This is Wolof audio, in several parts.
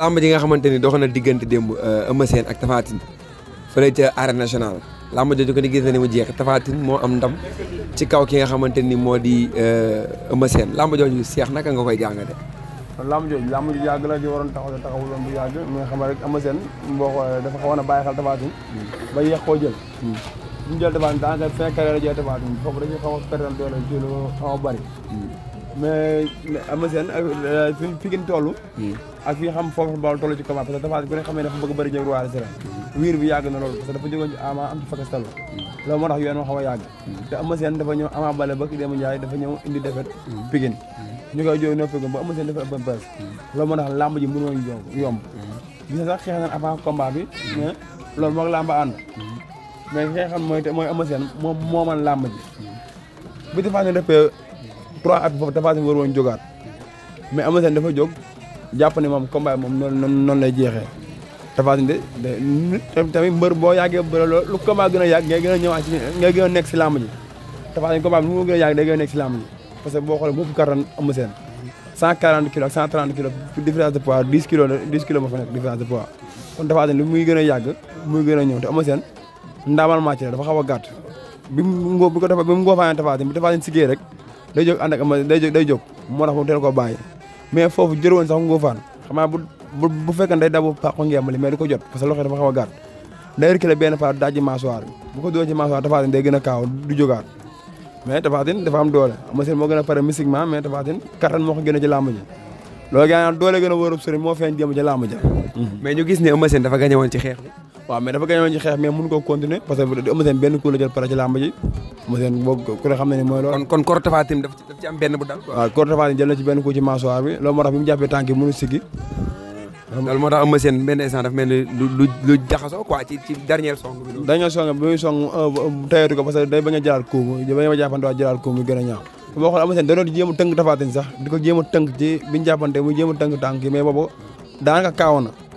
làmb ji nga xamante ni dox na diggante démb euh, Eumeu Sène ak Tapha Tine fële ca arène nationale jooju ko ni jeex Tapha moo am ndam ci kaw ki nga xamante ni moo di euh, Eumeu Sène làmb jooju seex naka nga koy jàngate làmb jooju làmb ju yàgg la ji waroon taxaw taxawu woon bu yàgg mi nga xam rek Eumeu Sène boo xoolee a bàyyi xel Tapha Tine hmm. ba yeex koo jël ñu hmm. jël Tapha Tine daanaka fin carrière la jël Tapha Tine foofu dañuy a perdre doole ci lu xaw a bëri hmm. mais Eumeu euh, fi fi ngeen toll ak fi xam foofu Bawol toll ci combat parce que Tapha Tine dafa bëgg bëri jëg bi yàgg na loolu parce a yàgg dafa ñëw Ama Baldé ba Demba Ndiaye dafa ñëw indi defet Pikine ñu koy jooy no Pikine ba Eumeu Sène dafa ëpp bes loolu moo tax làmb ji mais loolu moog làmb ànd mais mooy mooy moom moo man làmb ji bi Tapha Tine defee trois at foofu Tapha Tine war woon jógaat mais Eumeu Sène dafa jóg jàpp ne moom combat moom noonu noonu lay jeexee Tapha Tine de tamit mbër boo yàggee bëre lu combat gën a yàgg ngay gën a ñëwaat ci ngay gën a nekk si ji Tapha Tine mu gën gën a nekk si làmb parce que boo xoolee boobu kattan amu seen 140 kilos ak 130 kilos différence de muy gën a yàgg muy gën a ñëw te amu seen ndaamal màcc la dafa xaw a gàtt bi mu bi ko bi mu ngoofaanee Tapha Tine bi Tapha Tine rek day jóg ànd ak day jóg day moo tax mu teel ko bàyyi mais foofu jërëwoon sax nguufaan xamaa bu bu fekkee day dabu paqu ngeemali mais du ko jot parce dafa xaw a day reculer benn pas dajji mâchoire bu ko doon ci mâchoire day gën a kaaw du jógaat mais Tapha Tine doole Eumeu moo gën a pare mystiquement mais Tapha Tine kattan moo ko gën a ci doole gën a wóorub sëriñ moo feeñ jéem ci làmb ñu gis ne Eumeu dafa gagné ci xeex waaw mais dafa gagné woon ci xeex mais mënu ko continuer parce que Eumeu Sène benn coup la jël pare ci làmb ji Eumeu Sène boo ku ne xam ne ni mooy loolu kon Kor Tapha Tine daf ci am benn bu dal waaw Kor Tapha Tine jël na ci benn coup ci mâchoire bi loolu moo tax bi mu jàppee tànk yi mënu siggi loolu moo tax Eumeu Sène benn instant daf mel ni lu lu jaxasoo quoi ci ci dernière song bi dernière song bi muy song euh, tayeetu ko parce que day bañ a jëlaat coup mu bañ a jàppante waa jëlaat coup mu gën a ñaaw boo xoolee Eumeu Sène da doon jéem a tënk Tapha Tine sax di ko jéem a tënk ci bi ñu jàppante muy jéem a tënk tànk yi mais boobu daanaka kaaw na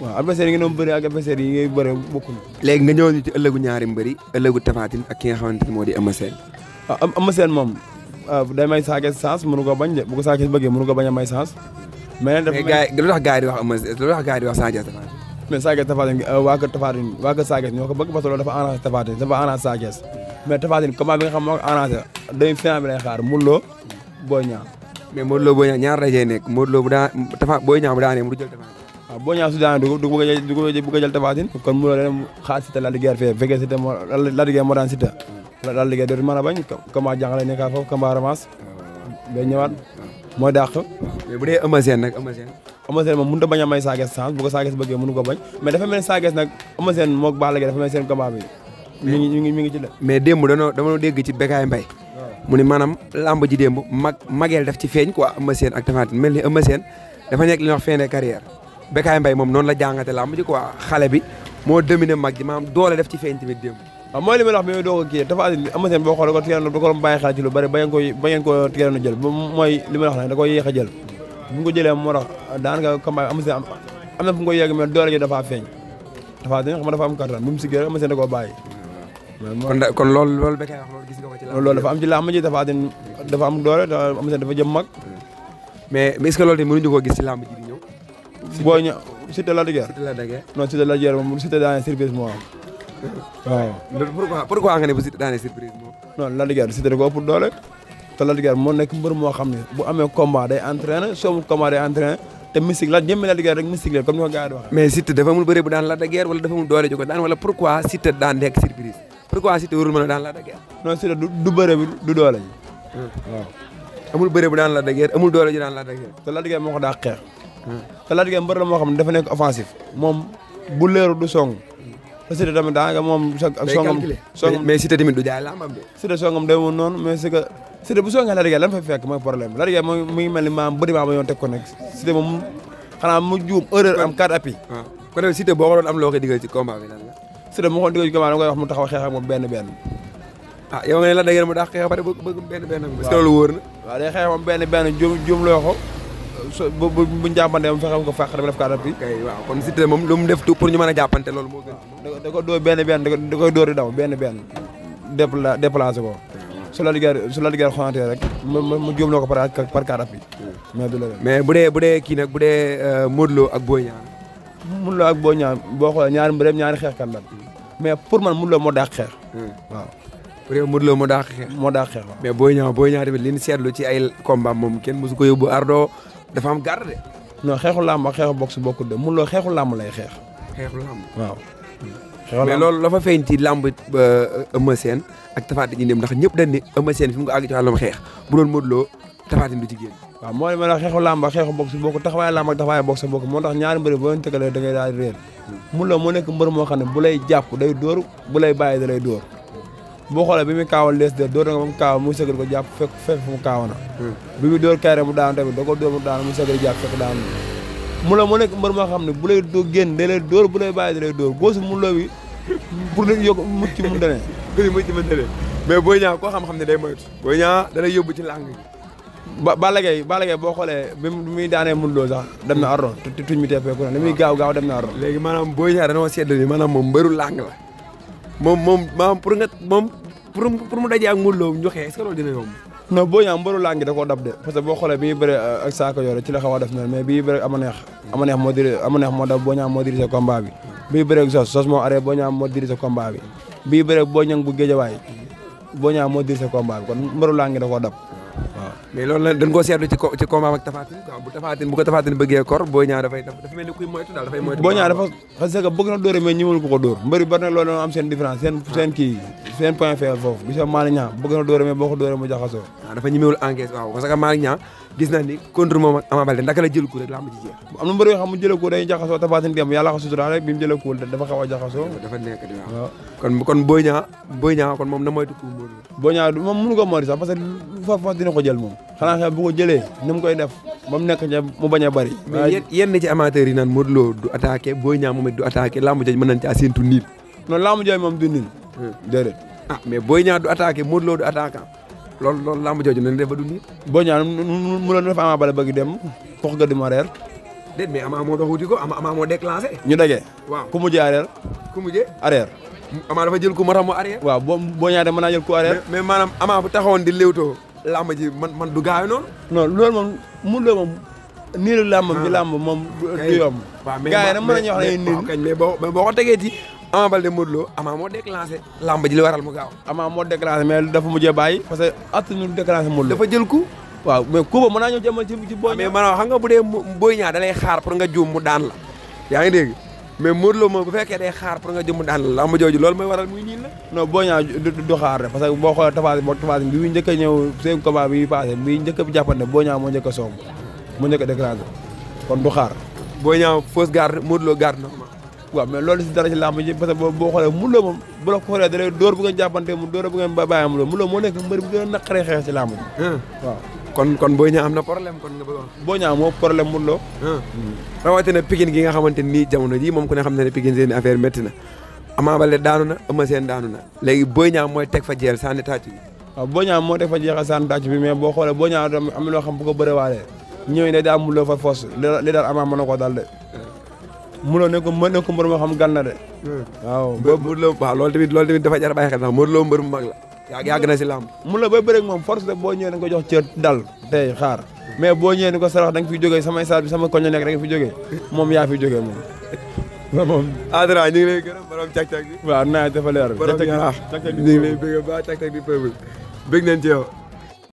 waaw adversaire yi nga doon bëri ak adversaire yi ngay bëri bokkul léegi nga ñëwoon ñu ci ëllëgu ñaari mbëri ëllëgu Tapha Tine ah, moom ah, day may Sa Thiès chance ko bañ de bu ko Sa Thiès bëggee mënu ko bañ a may chance mais nag lu tax gars yi di wax Eumeu Sène lu tax gars yi di Sa Thiès Tapha Tine mais Sa ah, Sa ñoo ko bëgg parce que loolu dafa arrangé Tapha Tine dafa arrangé Sa Thiès mais Tapha moo ko arrangé ñaar dajee nekk Modou Lô bu daa Tapha Boy Niang bu daanee mu jël waaw boo ñëwaat Soudan du du bëgg a jël Tapha Tine kon mu la dem xaar Siteu Lac de Guiers fee fekkee Siteu moo Lac moo daan Siteu Lac dootu mën a bañ combat jàngale nekkaa foofu combat revanche dee Eumeu Sène nag Eumeu Sène Eumeu Sène moom mënut a bañ a may Sa Thiès chance bu ko Sa Thiès bëggee mënu ko bañ mais dafa mel Sa Thiès nag Eumeu Sène moog Balla dafa mel seen combat bi mi ngi mi ngi ci la mais démb danoo dama dégg ci Bécaye Mbaye mu ni maanaam lamb ji démb mag mageel def ci feeñ quoi Eumeu Sène ak Tapha mel ni Eumeu Sène dafa nekk li ñuy wax fin de carrière Bécaye Mbaye moom noonu la jàngate làmb ji quoi xale bi moo dominé mag ji maanaam doole def ci feeñ tamit démb waaw mooy li ma la wax bi doo jël mooy li ma a ko jëlee moo tax daanaka combat am seen na fu mu koy yegg mais doole ji dafa feeñ dafa xam dafa am kattan bu mu rek ama seen da koo bàyyi kon kon loolu loolu Bécaye wax loolu gis nga ko ci làmb loolu dafa am ci làmb ji dafa dafa am doole am seen dafa jëm mag mais est-ce que loolu tamit mënuñu koo gis booy ña Cité Lac de Guiers. Cité Lac de Guiers non Cité Lac de Guiers moom Cité daanee surprise moo am waaw. loolu pourquoi pourquoi nga ne bu Cité daanee surprise moo non Lac de Guiers Cité da ko ëpp doole te Lac de Guiers moo nekk mbër moo xam ne bu amee combat day entraîné soo amul combat day entraîné te mystique la jëmmi Lac de Guiers rek mystique la comme ni ko gars yi waxee. mais Cité dafa amul bëre bu daan Lac de Guiers wala dafa amul doole ju ko daan wala pourquoi Cité daan nekk surprise pourquoi Cité warul mën a daan Lac de Guiers. non Cité du du bëre bi du doole ji. waaw amul bëre bu daan Lac de Guiers amul doole ji daan Lac de Guiers. te Lac de Guiers moo ko daa xeex te Lac de Guiers mbër la moo xam ne dafa nekk offensif moom bu song te Siteu tamit daanaka moom ak songam songam mais Siteu tamit du jaay lambam de Siteu songam day woon noonu mais c'est que Siteu bu songee Lac de Guiers juum erreur am quatre appuis ah. kon nag Siteu boo ko doon am loo koy digal ci combat bi lan la Siteu mu ko digal ci combat da ah, juum juum so bu bu bu njàmbandee mu fexe mu ko fàq dama def ko arab kon Siteu moom lu mu def tout pour ñu mën a jàppante loolu moo gën. da da ko dóor benn benn da benn benn dépla déplacé ko. su la liggéey su la liggéey xoolante rek mu mu mu jublu ko par par carap bi. mais du la mais bu dee bu dee kii nag bu dee euh, Modou Lo ak Boy Niang. Modou Lo ak Boy Niang boo xoolee ñaari mbir ñaari xeexkat la mais pour man Modou Lo mu daax xeex. Hmm. waaw pour yow Modou Lo moo daax xeex. moo daax xeex waaw. mais Boy Niang Boy Niang tamit li ñu seetlu ci ay combat moom kenn mosu ko yóbbu Ardo. dafa am garde non xeexu làmb ak xeexu boxe bokkul de mun loo xeexu làmb lay xeex. xeexu làmb waaw. xeexu loolu la fa feeñ ci làmb Eumeu Sène ak Tapha Tine dem ndax ñëpp dañ ne Eumeu mu xeex bu doon Modou Lo Tapha ci génn. waaw moo ma la xeexu làmb ak xeexu boxe bokkul taxawaayu làmb ak taxawaayu boxe bokkul moo tax ñaari mbëri boo leen tëgalee ngay daal di réer. mun hmm. loo moo nekk mbër moo xam ne bu lay jàpp day door bu lay bàyyi da lay dóor boo xoolee bi muy kaawal lees de door na ko ba mu kaaw mu sëgal ko jàpp fekk fekk fu mu kaaw na bi muy door kayre mu daanu tamit da ko door mu daanu mu sëgal jàpp fekk daanu mu la mu nekk mbër moo xam ne bu lay doo génn da lay bu lay bàyyi da lay dóor goosu mun loo bi pour nit yokk mucc ci mun mais booy ñaa koo xam-xam ne day moytu booy ñaa dalay yóbbu ci làng ba Balla Gaye Balla Gaye boo xoolee bi muy daanee mun loo sax dem na arro tuñ mi teepeeku na li muy gaaw gaaw dem na arro léegi maanaam booy ñaa danoo sedd ni maanaam moom mbëru làng la moom moom maanaam pour nga moom pour pour mu dajee ak Modou Lo ñu xee dina yomb. non boo ñaa mbaru laa ngi da koo dab de parce que boo xoolee bi bëri euh, ak saako yore ci la xaw a bii bëri ama moo diri ama neex moo dab boo ñaa moo diri sa combat bi bii bëri ak sos sos moo arrêté boo ñaa moo diri sa bii bëri boo ñang bu géejawaay boo ñaa moo diri sa kon mbaru laa ngi da dab waaw mais loolu la dañ ci ci combat ak bu Tapha Tine bu ko Tapha dafa mel ni kuy daal dafay moytu Boy Niang dafa parce que bëgg na dóore mais ko ko dóor bari na loolu am seen différence seen ah. seen kii seen point faible foofu gis nga Malick Niang bëgg na boo ko dóore mu jaxasoo ah, dafa ñemewul encaisse waaw parce que Malick Niang gis naa ni contre moom ak Ama Baldé ndaka la jël ko rek la am ci jeex am na mbër yoo xam mu jëlee ko day kon kon kon moom na moytu ko Modou Lô Boy Niang moom mënu ko moytu sax parce ko jël moom xanaa xew bu ko jëlee mu ba mu nekk ca mu bañ a yi naan Modou Lô du attaqué Boy Niang moom it du attaqué lamb jooju mën nañ caa séentu niil non lamb jooju moom du niil hmm. déedéet ah mais du attaqué Modou du attaquant loolu loolu làmb jooju nañ def ba dund. boo ñaan mu la dafa Ama Baldé ga di ma reer. déet mais Ama moo dox wuti moo déclenché. ñu daje. waaw ku mujjee arrière. ku mujjee arrière. Ama dafa jël ku moo tax mu arrière. waaw boo boo mën naa jël ku mais maanaam Ama bu taxawoon di léewtoo. làmb ji man man du gaaw noonu. non loolu moom mu loolu moom. niiru làmb bi ah. làmb moom du yomb. waaw mais gaa yi nag ñu nañu wax ne nii. tegee ci. Ama Baldé Modou Lô moo déclenché lamb ji li waral mu gaaw. Ama moo déclenché mais dafa mujjee bàyyi parce at ñu déclenché Modou dafa jël ku. waaw mais ku ba naa ñëw jëmal ci ah, mu daan la. fekkee day xaar pour a ñëw seen combat bi passé a jàppante Boy Niang moo njëkk a soom moo njëkk a déclenché kon du xaar. Boy Niang fausse garde Modou Lô garde waaw mais loolu si dara ci boo xoolee Modou Lô moom bu a naqaree xeex si làmb ji kon kon Boy Niang am na problème kon nga bëgg wax Boy Niang moo problème Modou Lô rawatina Pikine gi nga xamante nii jamono jii moom ku ne xam ne ne Pikine seen affaire na Ama Baldé daanu na Eumeu daanu na léegi Boy Niang mooy teg fa jeel sànni tàcc bi waaw Boy Niang moo teg fa jeexal sànni tàcc boo xoolee Boy Niang am na loo xam bu ko bëréwaalee ñëw ne daa Modou Lô fa foos li daal Ama mën na daal de mënoo ne ko mën ne ko mbër moo xam gan na de. Hmm. waaw mbër waaw loolu tamit loolu tamit dafa jar a bàyyi xel ndax Modou Lo mbër mu mag la. yàgg yàgg na si làmb. mu la ba bëreeg moom force de boo ñëwee da nga ko jox cër dal tey xaar mais boo ñëwee ni ko sarax da nga fi jógee samay saal bi sama koñ nekk da nga fi jógee moom yaa fi jógee moom. waaw moom Adra ñu ngi lay gërëm borom càq-càq bi. waaw naa dafa leer. borom yaa càq-càq bi ñu ngi lay bëgg ba càq-càq bi bëgg nañ ci yow